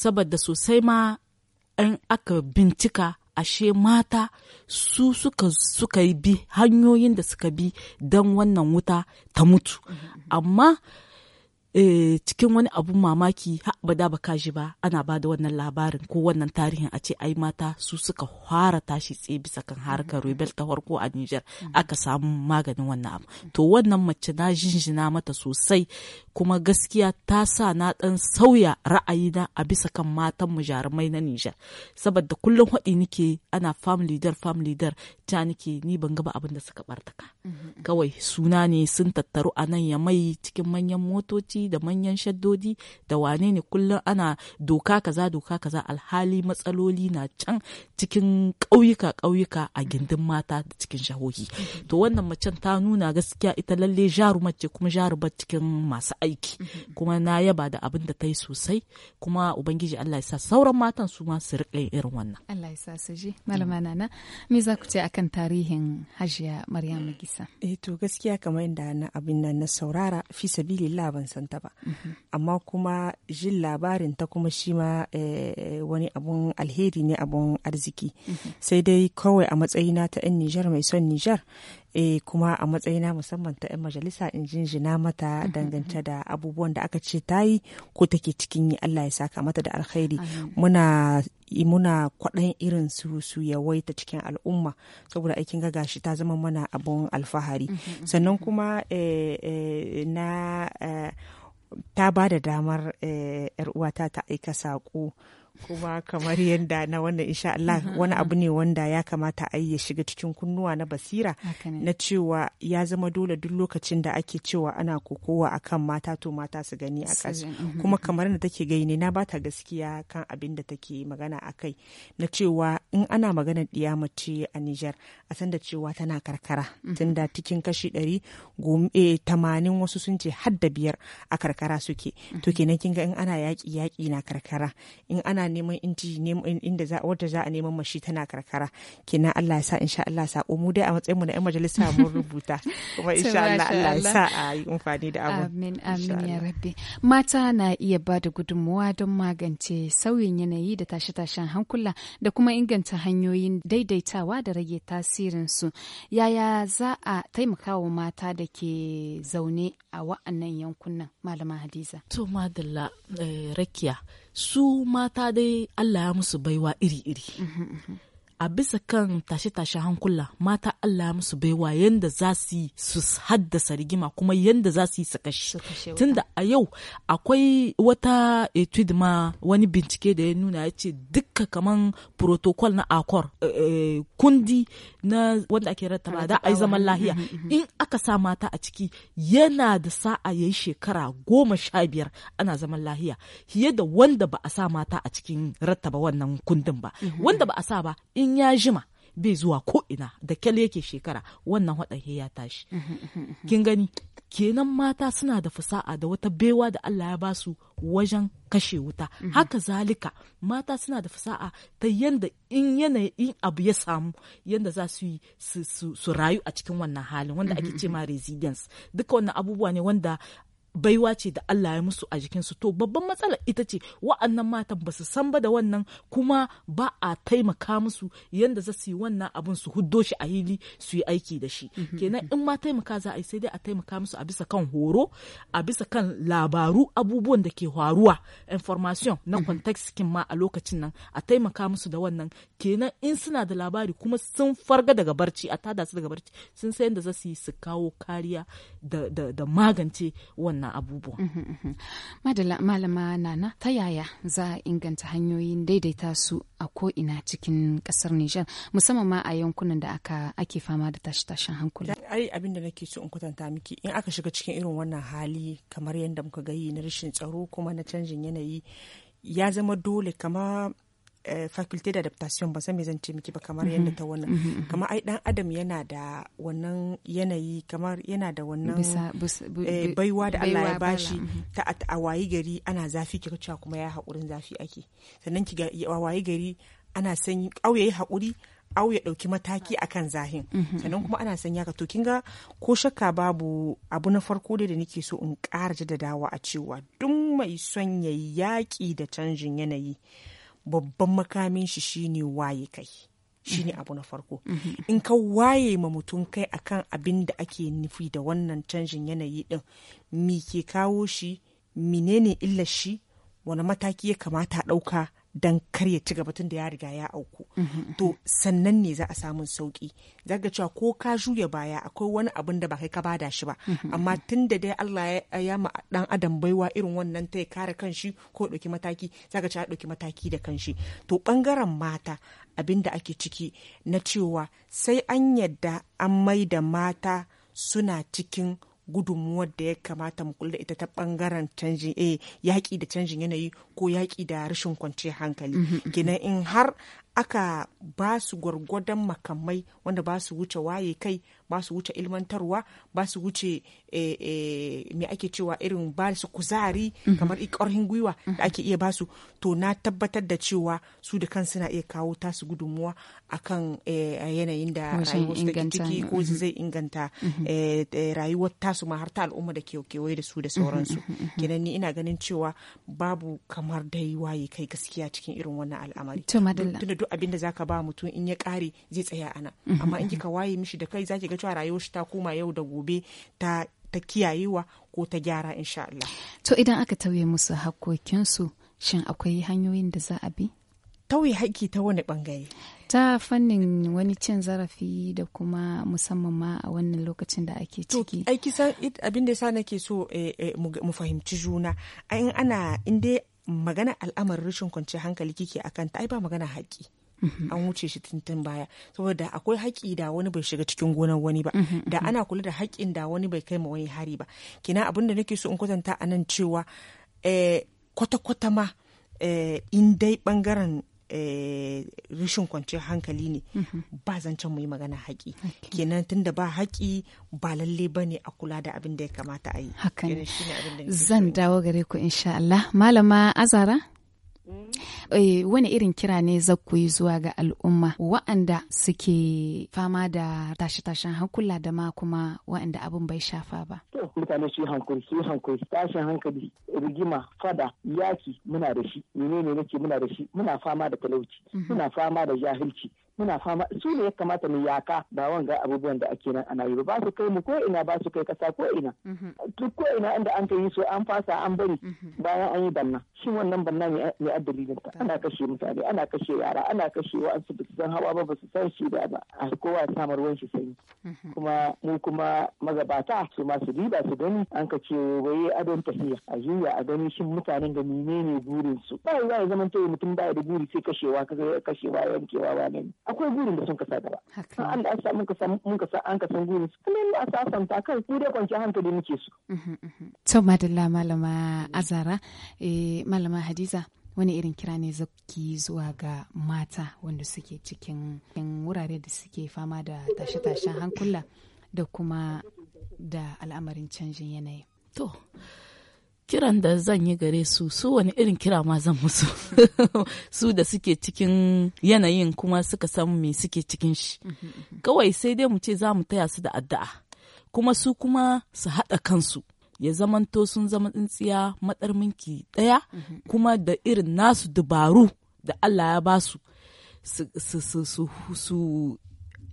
saboda sosai ma an aka bincika ashe mata su suka suka bi hanyoyin da suka bi don wannan wuta ta mutu amma Eh, cikin wani abun mamaki abada ba kaji ba ana ba da wannan labarin ko wannan tarihin a ce ai mata su suka fara tashi tse bisa kan harkar mm-hmm. rebel ta farko a Niger mm-hmm. aka samu maganin wannan abu mm-hmm. to wannan mace na jinjina mata sosai kuma gaskiya ta sa na dan sauya ra'ayina a bisa kan matan mu jarumai na Niger saboda kullum haɗi nike ana fam leader fam leader ta nike ni ban ga ba abin da suka bartaka kawai suna ne sun tattaru a nan ya mai cikin manyan motoci da manyan shaddodi da wane ne kullum ana doka kaza doka kaza alhali matsaloli na can cikin ƙauyuka ƙauyuka a gindin mata da cikin shahohi to wannan macen ta nuna gaskiya ita lalle jarumar ce kuma jarumar cikin masu aiki kuma na yaba da abin da ta yi sosai kuma ubangiji Allah ya sa sauran matan su ma su riƙe irin wannan Allah ya sa su ji malama nana me za ku ce akan tarihin Hajiya Maryam Gisa eh to gaskiya kamar yadda na abin nan na saurara fi sabilillah ban san ta ba mhm. amma kuma jin labarin ta kuma shi ma eh, wani abun alheri ne abun arziki mhm. sai dai kawai a matsayina ta 'yan nijar mai son nijar e kuma a matsayina musamman ta 'yan majalisa in jinjina mata mhm, dangance da abubuwan da aka ce ta yi ko take cikin yi Allah ya saka mata da alkhairi muna muna kwaɗan irin su su yawaita cikin al'umma saboda aikin ga gashi ta zama mana abun alfahari sannan kuma eh, na ta ba da damar 'yar eh, uwata ta aika saƙo kuma kamar yadda na wannan insha Allah mm-hmm, wani abu ne mm-hmm. wanda ya kamata a ya shiga cikin kunnuwa na basira na cewa ya zama dole duk lokacin da ake cewa ana kokowa akan mata to mata su gani a ƙasa mm-hmm, kuma kamar da take gaine na bata gaskiya kan abin da take magana a kai na cewa in ana magana ɗiya mace a Nijar a san da cewa tana karkara tunda cikin kashi ɗari eh, tamanin wasu sun ce har da biyar a karkara suke to kenan kinga in ana yaƙi yaƙi na karkara in ana neman inji inda za wadda za a neman mashi tana karkara kenan Allah ya sa insha Allah sako mu dai a matsayin mu na yan majalisa mun rubuta kuma insha Allah Allah ya sa a yi amfani da abu amin amin ya rabbi mata na iya ba da gudunmuwa don magance sauyin yanayi da tashe-tashen hankula da kuma inganta hanyoyin daidaitawa da rage tasirin su yaya za a taimaka wa mata da ke zaune a wa'annan yankunan malama hadiza to madalla eh, rakiya su mata dai Allah ya musu baiwa iri-iri. Mhm, mhm. a bisa kan tashe-tashe hankula mata Allah ya musu baiwa yanda za su yi su haddasa rigima kuma yadda za su yi su kashe tunda a yau akwai wata etude ma wani bincike da ya nuna ya ce dukka kaman protocol na akor eh, eh, kundi na wanda ake rattaba da ai zaman lahiya mm, mm, mm, in aka sa mata a ciki yana da sa'a ya yi shekara goma sha biyar ana zaman lahiya fiye da wanda ba a sa mata a cikin rattaba wannan kundin ba mhm. wanda ba a sa ba in in ya jima bai zuwa ko ina da kyal yake shekara wannan he ya tashi kin gani kenan mata suna da fasa'a da wata baiwa da Allah ya basu wajen kashe wuta haka zalika mata suna da fasa'a ta yanda in yanayi abu ya samu yanda za su yi su rayu a cikin wannan halin wanda ake ce ma resilience duka wannan abubuwa ne wanda baiwa ce da Allah ya musu a jikinsu to babban matsala ita ce wa'annan matan ba su san ba da wannan kuma ba a taimaka musu yadda za su yi wannan abin su huddo shi a hili su yi aiki da shi mhm. kenan in ma taimaka za a yi sai dai a taimaka musu a bisa kan horo a bisa kan labaru abubuwan da ke faruwa information na mhm. context kin ma a lokacin nan a taimaka musu da wannan kenan in suna da labari kuma sun farga daga barci a tada su daga barci sun san yadda za su yi su kawo kariya da magance wannan waɗannan abubuwa. Uhm, uhm, uhm. Madala malama nana ta yaya za a inganta hanyoyin daidaita su a ko'ina cikin ƙasar Nijar musamman ma a yankunan da aka ake fama da tashe-tashen hankula. Ai abin da nake so in kwatanta miki in aka shiga cikin irin wannan hali kamar yadda muka gayi na rashin tsaro kuma na canjin yanayi ya zama dole kamar. Eh, faculty da adaptation ba sai mai zan miki ba kamar yadda mm-hmm. ta wannan mm-hmm, mm-hmm. kamar ai dan adam yana da wannan yanayi kamar yana da wannan eh, baiwa da Allah ya bashi ta a wayi gari ana zafi kika cewa kuma ya haƙurin zafi ake sannan ki a wayi gari ana sanyi ƙauye haƙuri au ya ɗauki mataki akan zahin sannan kuma ana sanya ka to kin ga ko shakka babu abu na farko dai da nake so in ƙara jaddadawa a cewa duk mai son yayi yaƙi da canjin yanayi babban makamin shi shine waye kai shine mhm. abu na farko mhm. in ka waye ma mutum kai akan abin da ake nufi da wannan canjin yanayi din me ke kawo shi menene illar shi wani mataki ya kamata a ɗauka don kar ya ci gaba tun da ya riga ya auku mm-hmm. to sannan ne za a samun sauki za cewa ko ka juya baya akwai wani abin da ba kai ka bada shi ba mm-hmm. amma tun da dai Allah ya ma dan adam baiwa irin wannan ta ya kare kanshi ko ɗauki mataki za cewa ɗauki mataki da kan shi to bangaren mata abin da ake ciki na cewa sai an yadda an mai da mata suna cikin gudunmuwar da ya kamata mu kula ita ta bangaren canjin a eh, yaƙi da canjin yanayi ko yaƙi da rashin kwanciyar hankali gina mm-hmm, mm-hmm. in har aka ba su gwargwadon makamai wanda ba su wuce waye kai ba su wuce ilmantarwa ba su wuce eh, eh, me ake cewa irin ba su kuzari mhm. kamar ƙarfin gwiwa da mhm. ake iya ba su. to na tabbatar da cewa su da kansu na iya kawo tasu gudunmuwa akan eh, yanayin da rayuwarsu ciki ko mhm. zai inganta rayuwar tasu ma har ta al'umma da kewaye da su da sauransu kenan ni ina ganin cewa babu kamar dai waye kai gaskiya cikin irin wannan al'amari tunda duk abin da zaka ba mutum in ya kare zai tsaya ana amma in kika waye mishi da kai zaki ga cewa rayuwar shi ta koma yau da gobe ta ta kiyayewa ko ta gyara insha Allah. To idan aka tauye musu hakokinsu shin akwai hanyoyin da za a bi? Tauye haƙƙi ta wani bangare. Ta fannin wani cin zarafi da kuma musamman ma a wannan lokacin da ake ciki. To, aiki san abin da sa nake so eh, eh, mu fahimci juna. In ana in dai magana al'amarin rashin kwanciyar hankali kike akan ta ai ba magana haƙƙi. Mm-hmm. an wuce shi tuntun baya saboda akwai haƙƙi da wani bai shiga cikin gonar wani ba mm-hmm, da mm-hmm. ana kula da haƙƙin da wani bai kai ma wani hari ba kina abin da nake so in kwatanta a nan cewa eh, kwata-kwata ma eh, in dai bangaren eh, rashin kwanciyar hankali ne ba zancen mu yi magana haƙi kenan tunda ba haƙi ba lalle ba ne a kula da abin da ya kamata a yi zan dawo gare ku insha Allah malama azara Eh, wani irin kira ne za yi zuwa ga al'umma wa'anda suke fama da tashe-tashen hankula da ma kuma wa'anda abin bai shafa ba. mutane su hankuri su hankuri tashin hankali rigima fada yaki muna da shi menene nake muna da shi muna fama da talauci mhm. muna fama da jahilci muna fama su ne ya kamata mu yaka ba wanga abubuwan da ake nan ana yi ba su kai mu ko ina ba su kai kasa ko ina mhm. duk ko ina inda an yi so an fasa an bari mhm. bayan an yi banna shi wannan banna ne a dalilin ta ana kashe mutane ana kashe yara ana kashe wasu ba su san hawa ba ba su san shi da ba a kowa samar wani shi sanyi mhm. kuma mu kuma magabata su ma su riba su gani an ka ce waye adon tafiya a juya a gani shin mutanen da menene burin su ba ya zama to mutum ba da buri sai kashewa kashewa yankewa ba ne akwai gurin da sun kasa gaba san Allah an mun kasa an kasa gurin su kuma yadda a sasanta kai ku dai kwanci hankali muke su mhm, mhm. to madalla malama azara eh, malama hadiza wani irin kira ne zaki zuwa ga mata wanda suke cikin wurare da suke fama da tashe-tashen hankula da kuma da al'amarin canjin yanayi kiran da zan yi gare su su wani irin kira ma zan musu su da suke cikin yanayin kuma suka san me suke cikin shi mm-hmm, mm-hmm. kawai sai dai mu ce za mu taya su da addu'a kuma su kuma su haɗa kansu ya zamanto sun zama tsintsiya matsar minki ɗaya mm-hmm. kuma da irin nasu dabaru da Allah ya ba su su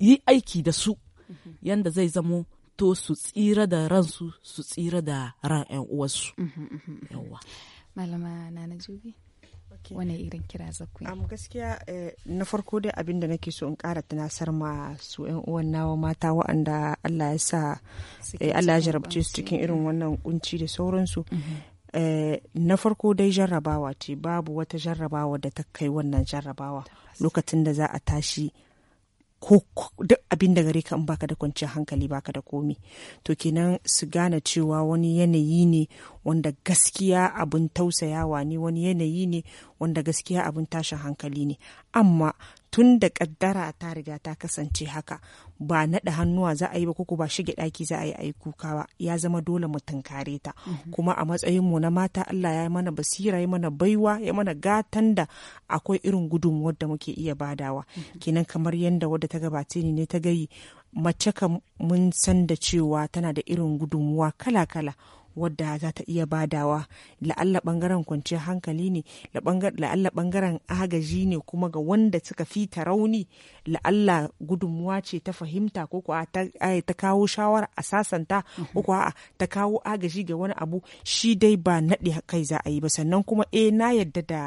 yi aiki da su yanda zai zamo fito su tsira da ransu su tsira da ran 'yan uwarsu yawa malama na na jubi irin gaskiya eh, na farko dai abin da nake so in kara tunasar ma su yan uwan nawa mata waɗanda Allah ya sa eh, Allah ya jarabce su cikin irin wannan kunci da sauransu eh, na farko dai jarrabawa ce babu wata jarrabawa da ta kai wannan jarrabawa lokacin da za a tashi ko duk abin da gare ka in baka da kwanciyar hankali baka da komi to kenan su gane cewa wani yanayi ne wanda gaskiya abin tausayawa ne wani yanayi ne wanda gaskiya abin tashin hankali ne amma tun da kaddara ta riga ta kasance haka ba naɗa hannuwa za a yi ba koko ba shige ɗaki za a yi ayi kukawa ya zama dole mu tunkare ta mhm. kuma a matsayin mu na mata Allah ya mana basira ya mana baiwa ya mana gatan da akwai irin gudunmuwar da muke iya badawa mhm. kenan kamar yadda wadda ta gabace ni ne ta gayi mace ka mun san da cewa tana da irin gudunmuwa kala-kala wadda za ta iya badawa la'alla bangaren kwanciyar hankali ne la'alla bangaren agaji ne kuma ga wanda suka fi ta rauni la'alla gudunmuwa ce ta fahimta ko kuwa ta eh, kawo shawara a sasanta mhm. ko kuwa ta kawo agaji ga wani abu shi dai ba naɗe kai za a yi ba sannan kuma eh na yadda da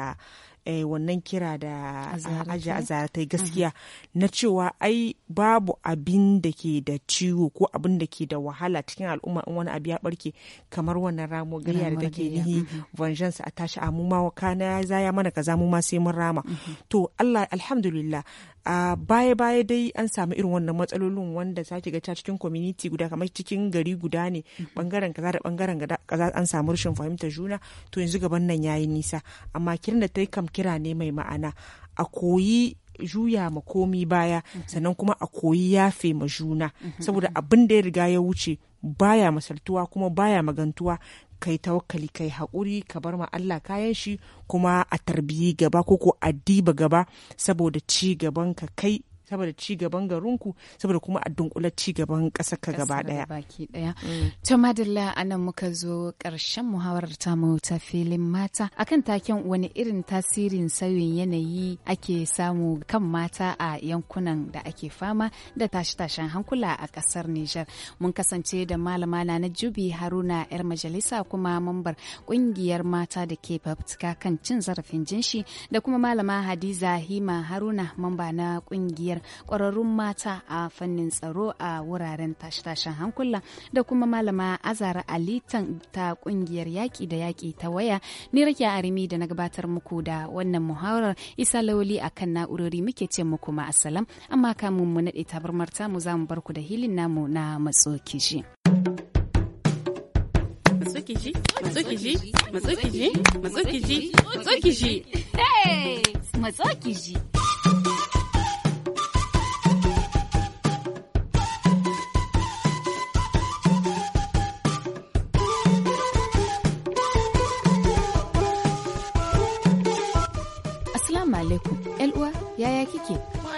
Eh, wannan kira da aji azara ta gaskiya na cewa ai babu abin da ke da ciwo ko abin da ke da wahala cikin al'umma in wani abu ya barke kamar wannan ramo gariya da take nihi vengeance a tashi a kana ma zaya mana kaza mu ma sai mun rama mhm. to Allah alhamdulillah a baya-baya dai an samu irin wannan matsalolin wanda za ki ga ta cikin community guda kamar cikin gari guda ne mhm. bangaren kaza da bangaren kaza an samu rashin fahimtar juna to yanzu gaban nan yayi nisa amma kiran da ta yi kam kira ne mai ma'ana a koyi juya ma komi baya mhm. sannan kuma a koyi yafe ma juna mhm. saboda abin da ya riga ya wuce baya masaltuwa kuma baya magantuwa kai tawakkali kai haƙuri ka bar ma Allah kayan shi kuma a tarbiyi gaba koko ko a diba gaba saboda ci gaban ka kai saboda ci gaban garinku saboda kuma a dunkula ci gaban ƙasar ka gaba daya mm. to madalla anan muka zo ƙarshen muhawarar mu ta filin mata akan taken wani irin tasirin sauyin yanayi ake samu kan mata a yankunan da ake fama da tashi-tashen hankula a ƙasar Nijar mun kasance da malama na Jubi Haruna yar majalisa kuma mambar ƙungiyar mata da ke fafutuka kan cin zarafin jinshi da kuma malama Hadiza Hima Haruna mamba na ƙungiyar ƙwararrun mata a fannin tsaro a wuraren tashe-tashen hankula da kuma malama azara alitan ta ƙungiyar yaƙi da yaƙi ta waya ni rake arimi da na gabatar muku da wannan muhawarar isa lawali kan na'urori muke ce muku ma asalam amma kamun mu naɗe tabarmar tamu za mu bar ku da hilin namu na matso kishi.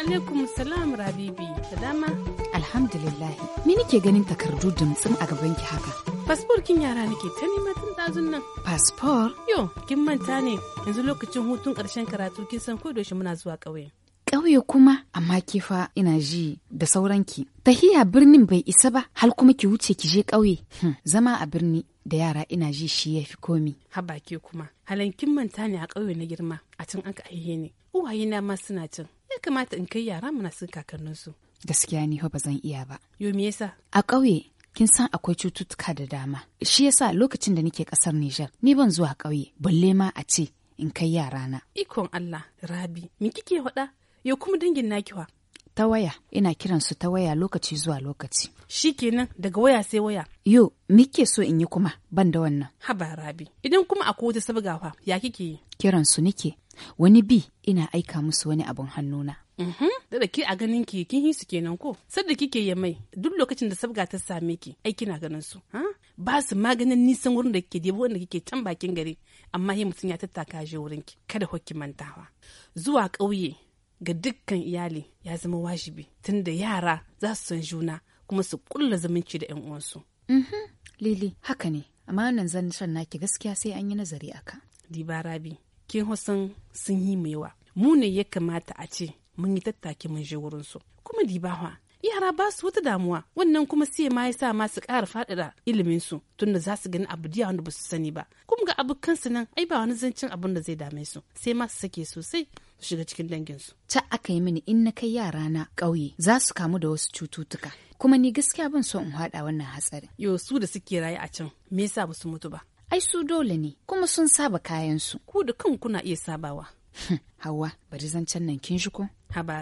alaikum salam rabibi da dama alhamdulillah me nake ganin takardu da dimtsin a gaban ki haka fasfor kin yara nake ta nema tun dazun nan fasfor yo kin manta ne yanzu lokacin hutun karshen karatu kin san ko muna zuwa ƙauye ƙauye kuma amma kifa ina ji da sauranki tahiya birnin bai isa ba hal kuma ki wuce ki je ƙauye hm, zama a birni da yara ina ji shi ya fi komi haba ke kuma halankin manta ne a ƙauye na girma a can aka aihe ne uwaye na ma suna cin ya kamata in kai yara muna sun kakanninsu. Gaskiya ni ba zan iya ba. Yo me yasa? A ƙauye kin san akwai cututtuka da dama. Shi yasa lokacin da nake ƙasar Nijar ni ban zuwa ƙauye balle ma a ce in kai yara na Ikon Allah, Rabi, me kike faɗa? Yau kuma dangin nakiwa. ta waya ina kiran su ta waya lokaci zuwa lokaci. Shi Shikenan daga waya sai waya. Yo, muke so in yi kuma ban da wannan. Haba Rabi, idan kuma akwai wata sabgafa ya kike yi? Kiran su nike wani bi ina aika musu wani abin hannuna. da ke a ganin ki kin yi hisu kenan ko sadda kike ya mai duk lokacin da sabga ta same ki ai kina ganin su ba su maganin nisan wurin da kike debo wanda kike can bakin gari amma yi mutum ya tattaka shi wurin ki kada hokki mantawa zuwa ƙauye ga dukkan iyali ya zama wajibi tunda yara za su san juna kuma su kulla zumunci da 'yan uwansu. Mhm, Lili haka ne amma nan zan shan naki gaskiya sai an yi nazari aka. Diba Rabi kin hosan sun yi mu yawa mu ne ya kamata a ce mun yi tattaki mun je wurin su kuma dibawa yara ba su wata damuwa wannan kuma sai ma yasa ma su ƙara faɗaɗa ilimin su tunda za su gani abu diya wanda ba su sani ba kuma ga abu kansu nan ai ba wani zancin abin da zai dame su sai ma su sake sosai su shiga cikin dangin su ta aka yi mini in na kai yara na ƙauye za su kamu da wasu cututtuka kuma ni gaskiya ban so in haɗa wannan hatsarin yo su da suke raye a can me yasa ba su mutu ba ai su dole ne kuma sun saba kayansu. Ku da kan kuna iya sabawa. Hawa, bari zancen nan kin shi ko? Haba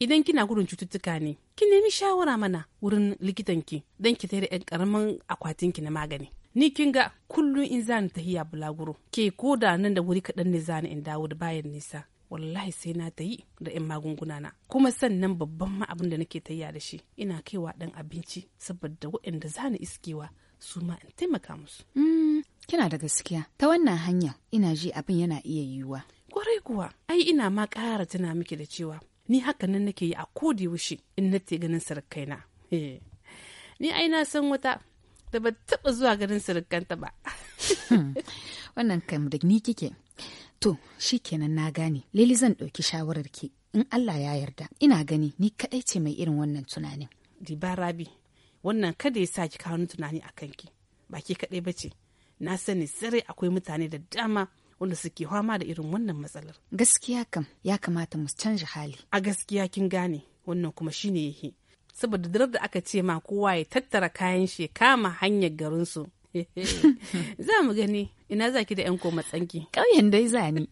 idan kina gudun cututtuka ne, ki nemi shawara mana wurin likitanki don ki tare ɗan ƙaramin akwatinki na magani. Ni kin ga kullum in zani tahiya bulaguro, ke ko da nan da wuri kaɗan ne zani in dawo da bayan nisa. wallahi sai na ta yi da 'yan magunguna na kuma sannan babban ma abin da nake tayya da shi ina kaiwa ɗan abinci saboda waɗanda zani iskewa su ma in taimaka musu. Hmm, Kina da gaskiya ta wannan hanya ina ji abin yana iya yiwuwa. Kwarai kuwa, ai ina ma ƙara tana miki da cewa ni haka nan nake yi a da yaushe in na te ganin sarakaina. Eh. Ni ai na san wata da ba taɓa zuwa ganin sarakanta ba. Hmm. Wannan kam da ni kike. To, shi kenan na gane, Lili zan ɗauki ki in Allah ya yarda, ina gani ni kaɗai ce mai irin wannan tunanin. Dibarabi, wannan kada ya sa ki kawo tunani a kanki, ba ki kaɗai ba ce. na sani sarai akwai mutane da dama wanda suke fama da irin wannan matsalar gaskiya kam ya kamata mu canja hali a gaskiya kin gane wannan kuma shi shine yake saboda dare da aka ce ma kowa ya tattara kayan shi kama hanyar garinsu za mu gani ina za ki da yan matsanki. ƙauyen dai za ni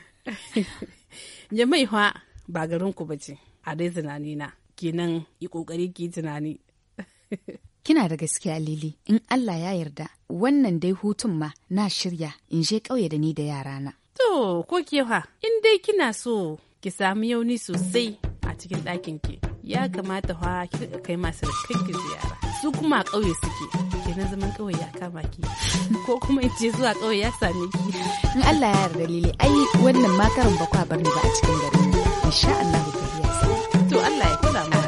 jama'i fa ba garinku ba ce a dai tunani na kenan yi ƙoƙari ki tunani kina da gaskiya lili in Allah ya yarda wannan dai hutun ma na shirya in je ƙauye da ni da yarana. To ko kewa in dai kina so ki samu yauni sosai a cikin ɗakin ki ya kamata fa ki kai masu kakki ziyara su kuma a ƙauye suke kenan zaman ƙauye ya kama ki ko kuma in ce zuwa ƙauye ya sami ki. In Allah ya yarda lili ai wannan makarin bakwa bar ni ba a cikin gari." insha Allah ku To Allah ya kula ma.